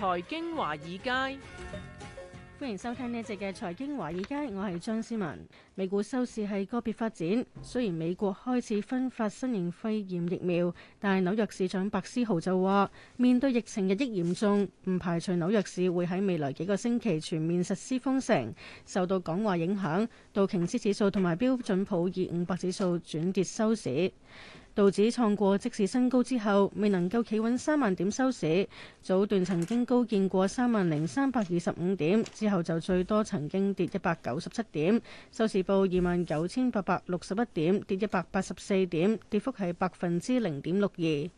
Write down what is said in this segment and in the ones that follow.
財經華爾街，歡迎收聽呢一節嘅財經華爾街，我係張思文。美股收市係個別發展，雖然美國開始分發新型肺炎疫苗，但係紐約市長白思豪就話，面對疫情日益嚴重，唔排除紐約市會喺未來幾個星期全面實施封城。受到講話影響，道瓊斯指數同埋標準普爾五百指數轉跌收市。道指創過即時新高之後，未能夠企穩三萬點收市。早段曾經高見過三萬零三百二十五點，之後就最多曾經跌一百九十七點，收市報二萬九千八百六十一點，跌一百八十四點，跌幅係百分之零點六二。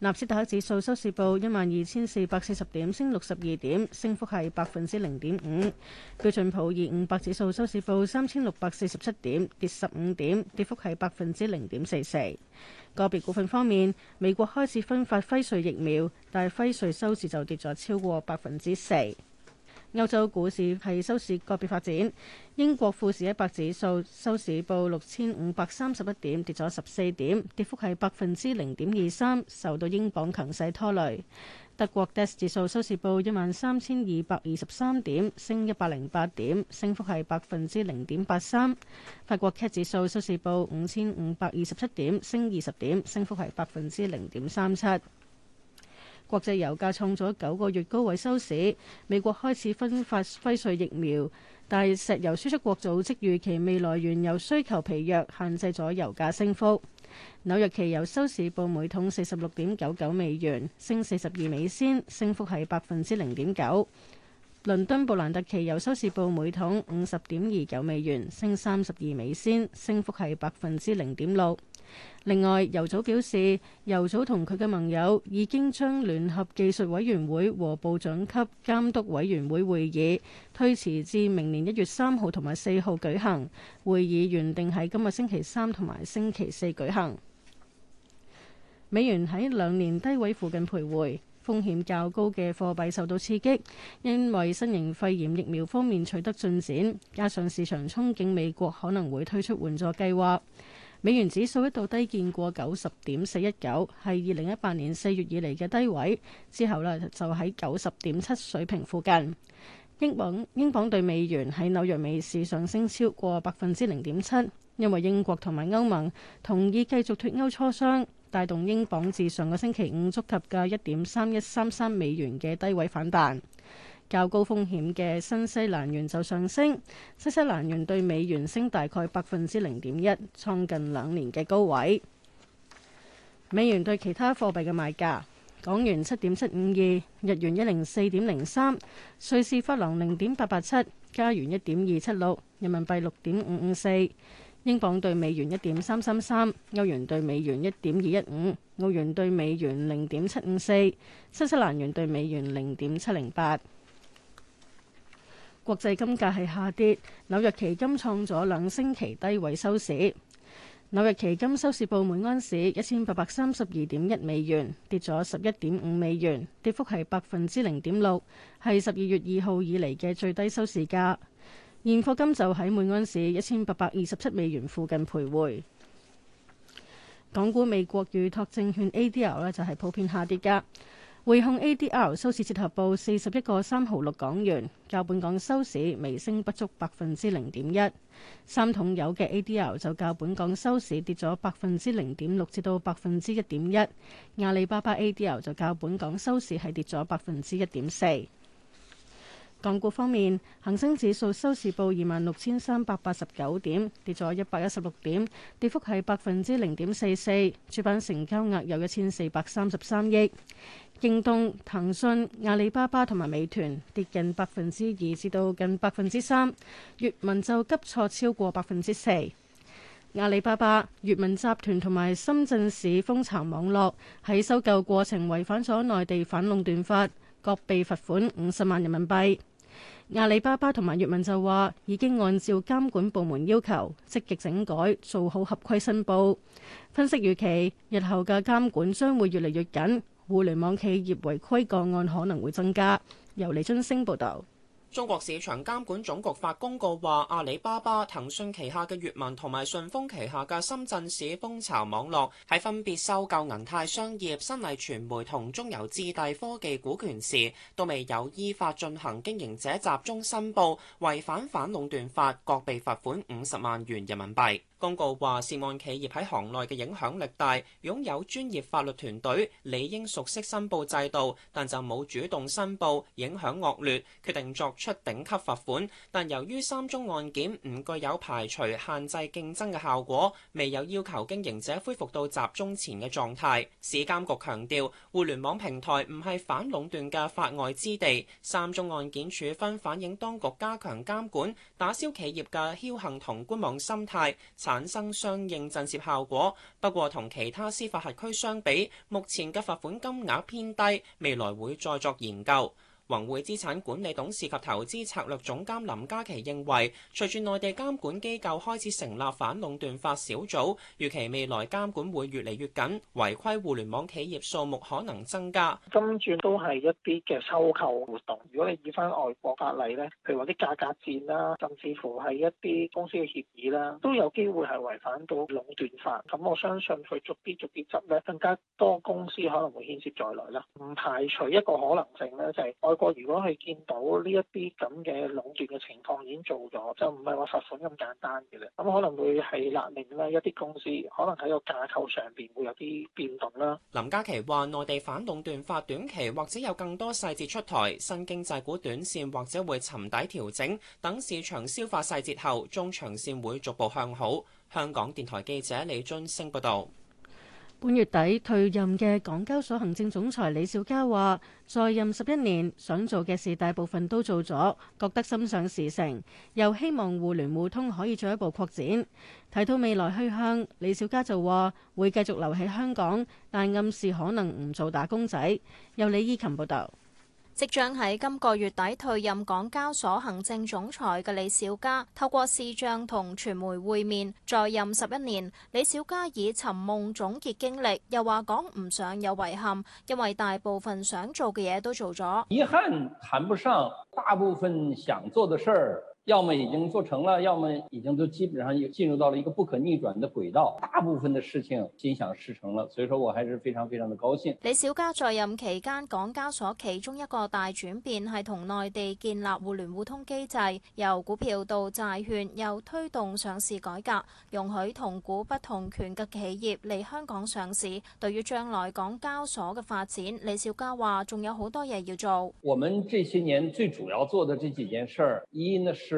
納斯達克指數收市報一萬二千四百四十點，升六十二點，升幅係百分之零點五。標準普爾五百指數收市報三千六百四十七點，跌十五點，跌幅係百分之零點四四。個別股份方面，美國開始分發輝瑞疫苗，但係輝瑞收市就跌咗超過百分之四。歐洲股市係收市個別發展，英國富時一百指數收市報六千五百三十一點，跌咗十四點，跌幅係百分之零點二三，受到英鎊強勢拖累。德國 DAX 指數收市報一萬三千二百二十三點，升一百零八點，升幅係百分之零點八三。法國 CAC 指數收市報五千五百二十七點，升二十點，升幅係百分之零點三七。國際油價創咗九個月高位收市，美國開始分發輝瑞疫苗，但石油輸出國組織預期未來原油需求疲弱，限制咗油價升幅。紐約期油收市報每桶四十六點九九美元，升四十二美仙，升幅係百分之零點九。倫敦布蘭特期油收市報每桶五十點二九美元，升三十二美仙，升幅係百分之零點六。另外，油組表示，油組同佢嘅盟友已經將聯合技術委員會和部長級監督委員會會議推遲至明年一月三號同埋四號舉行。會議原定喺今日星期三同埋星期四舉行。美元喺兩年低位附近徘徊，風險較高嘅貨幣受到刺激，因為新型肺炎疫苗方面取得進展，加上市場憧憬美國可能會推出援助計劃。美元指數一度低見過九十點四一九，係二零一八年四月以嚟嘅低位。之後呢，就喺九十點七水平附近。英鎊英鎊對美元喺紐約美市上升超過百分之零點七，因為英國同埋歐盟同意繼續脱歐磋商，帶動英鎊至上個星期五觸及嘅一點三一三三美元嘅低位反彈。較高風險嘅新西蘭元就上升，新西蘭元對美元升大概百分之零點一，創近兩年嘅高位。美元對其他貨幣嘅賣價：港元七點七五二，日元一零四點零三，瑞士法郎零點八八七，加元一點二七六，人民幣六點五五四，英鎊對美元一點三三三，歐元對美元一點二一五，澳元對美元零點七五四，新西蘭元對美元零點七零八。國際金價係下跌，紐約期金創咗兩星期低位收市。紐約期金收市報每安士一千八百三十二點一美元，跌咗十一點五美元，跌幅係百分之零點六，係十二月二號以嚟嘅最低收市價。現貨金就喺每安士一千八百二十七美元附近徘徊。港股美國預託證券 ADL 咧就係普遍下跌噶。匯控 ADR 收市折合報四十一個三毫六港元，較本港收市微升不足百分之零點一。三桶油嘅 ADR 就較本港收市跌咗百分之零點六至到百分之一點一。阿里巴巴 ADR 就較本港收市係跌咗百分之一點四。港股方面，恒生指數收市報二萬六千三百八十九點，跌咗一百一十六點，跌幅係百分之零點四四。主板成交額有一千四百三十三億。京東、騰訊、阿里巴巴同埋美團跌近百分之二，至到近百分之三。閱文就急挫超過百分之四。阿里巴巴、閱文集團同埋深圳市豐巢網絡喺收購過程違反咗內地反壟斷法，各被罰款五十萬人民幣。阿里巴巴同埋閱文就話已經按照監管部門要求積極整改，做好合規申報。分析預期日後嘅監管將會越嚟越緊。互聯網企業違規個案可能會增加。由李津升報導。中國市場監管總局發公告話，阿里巴巴、騰訊旗下嘅閱文同埋順豐旗下嘅深圳市豐巢網絡喺分別收購銀泰商業、新麗傳媒同中郵智遞科技股權時，都未有依法進行經營者集中申報，違反反壟斷法，各被罰款五十萬元人民幣。公告話涉案企業喺行內嘅影響力大，擁有專業法律團隊，理應熟悉申報制度，但就冇主動申報，影響惡劣，決定作出頂級罰款，但由於三宗案件唔具有排除限制競爭嘅效果，未有要求經營者恢復到集中前嘅狀態。市監局強調，互聯網平台唔係反壟斷嘅法外之地。三宗案件處分反映當局加強監管，打消企業嘅僥倖同觀望心態，產生相應震懾效果。不過同其他司法轄區相比，目前嘅罰款金額偏低，未來會再作研究。宏匯資產管理董事及投資策略總監林嘉琪認為，隨住內地監管機構開始成立反壟斷法小組，預期未來監管會越嚟越緊，違規互聯網企業數目可能增加。跟住都係一啲嘅收購活動。如果你以翻外國法例咧，譬如話啲價格戰啦，甚至乎係一啲公司嘅協議啦，都有機會係違反到壟斷法。咁我相信佢逐啲逐啲執咧，更加多公司可能會牽涉在內啦。唔排除一個可能性咧，就係外。個如果係見到呢一啲咁嘅壟斷嘅情況已經做咗，就唔係話罰款咁簡單嘅啦。咁可能會係勒令啦，一啲公司可能喺個架構上邊會有啲變動啦。林嘉琪話：內地反壟斷法短期或者有更多細節出台，新經濟股短線或者會沉底調整，等市場消化細節後，中長線會逐步向好。香港電台記者李津升報道。本月底退任嘅港交所行政總裁李小加話，在任十一年，想做嘅事大部分都做咗，覺得心想事成，又希望互聯互通可以進一步擴展。睇到未來去向，李小加就話會繼續留喺香港，但暗示可能唔做打工仔。由李依琴報道。即將喺今個月底退任港交所行政總裁嘅李小加透過視像同傳媒會面，在任十一年，李小加以尋夢總結經歷，又話講唔上有遺憾，因為大部分想做嘅嘢都做咗。遺憾談不上，大部分想做嘅事要麼已經做成了，要麼已經都基本上進入到了一個不可逆轉的軌道，大部分的事情心想事成了，所以說我還是非常非常的高興。李小加在任期間，港交所其中一個大轉變係同內地建立互聯互通機制，由股票到債券，又推動上市改革，容許同股不同權嘅企業嚟香港上市。對於將來港交所嘅發展，李小加話仲有好多嘢要做。我們這些年最主要做的這幾件事兒，一呢是。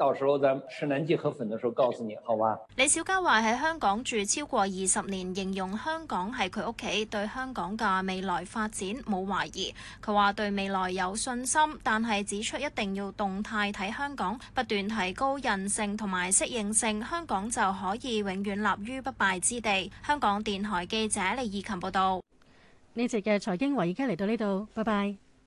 到時候咱們食南記河粉的時候，告訴你，好嘛。李小加話喺香港住超過二十年，形容香港係佢屋企，對香港嘅未來發展冇懷疑。佢話對未來有信心，但係指出一定要動態睇香港，不斷提高韌性同埋適應性，香港就可以永遠立於不敗之地。香港電台記者李義琴報道。呢集嘅財經華爾街嚟到呢度，拜拜。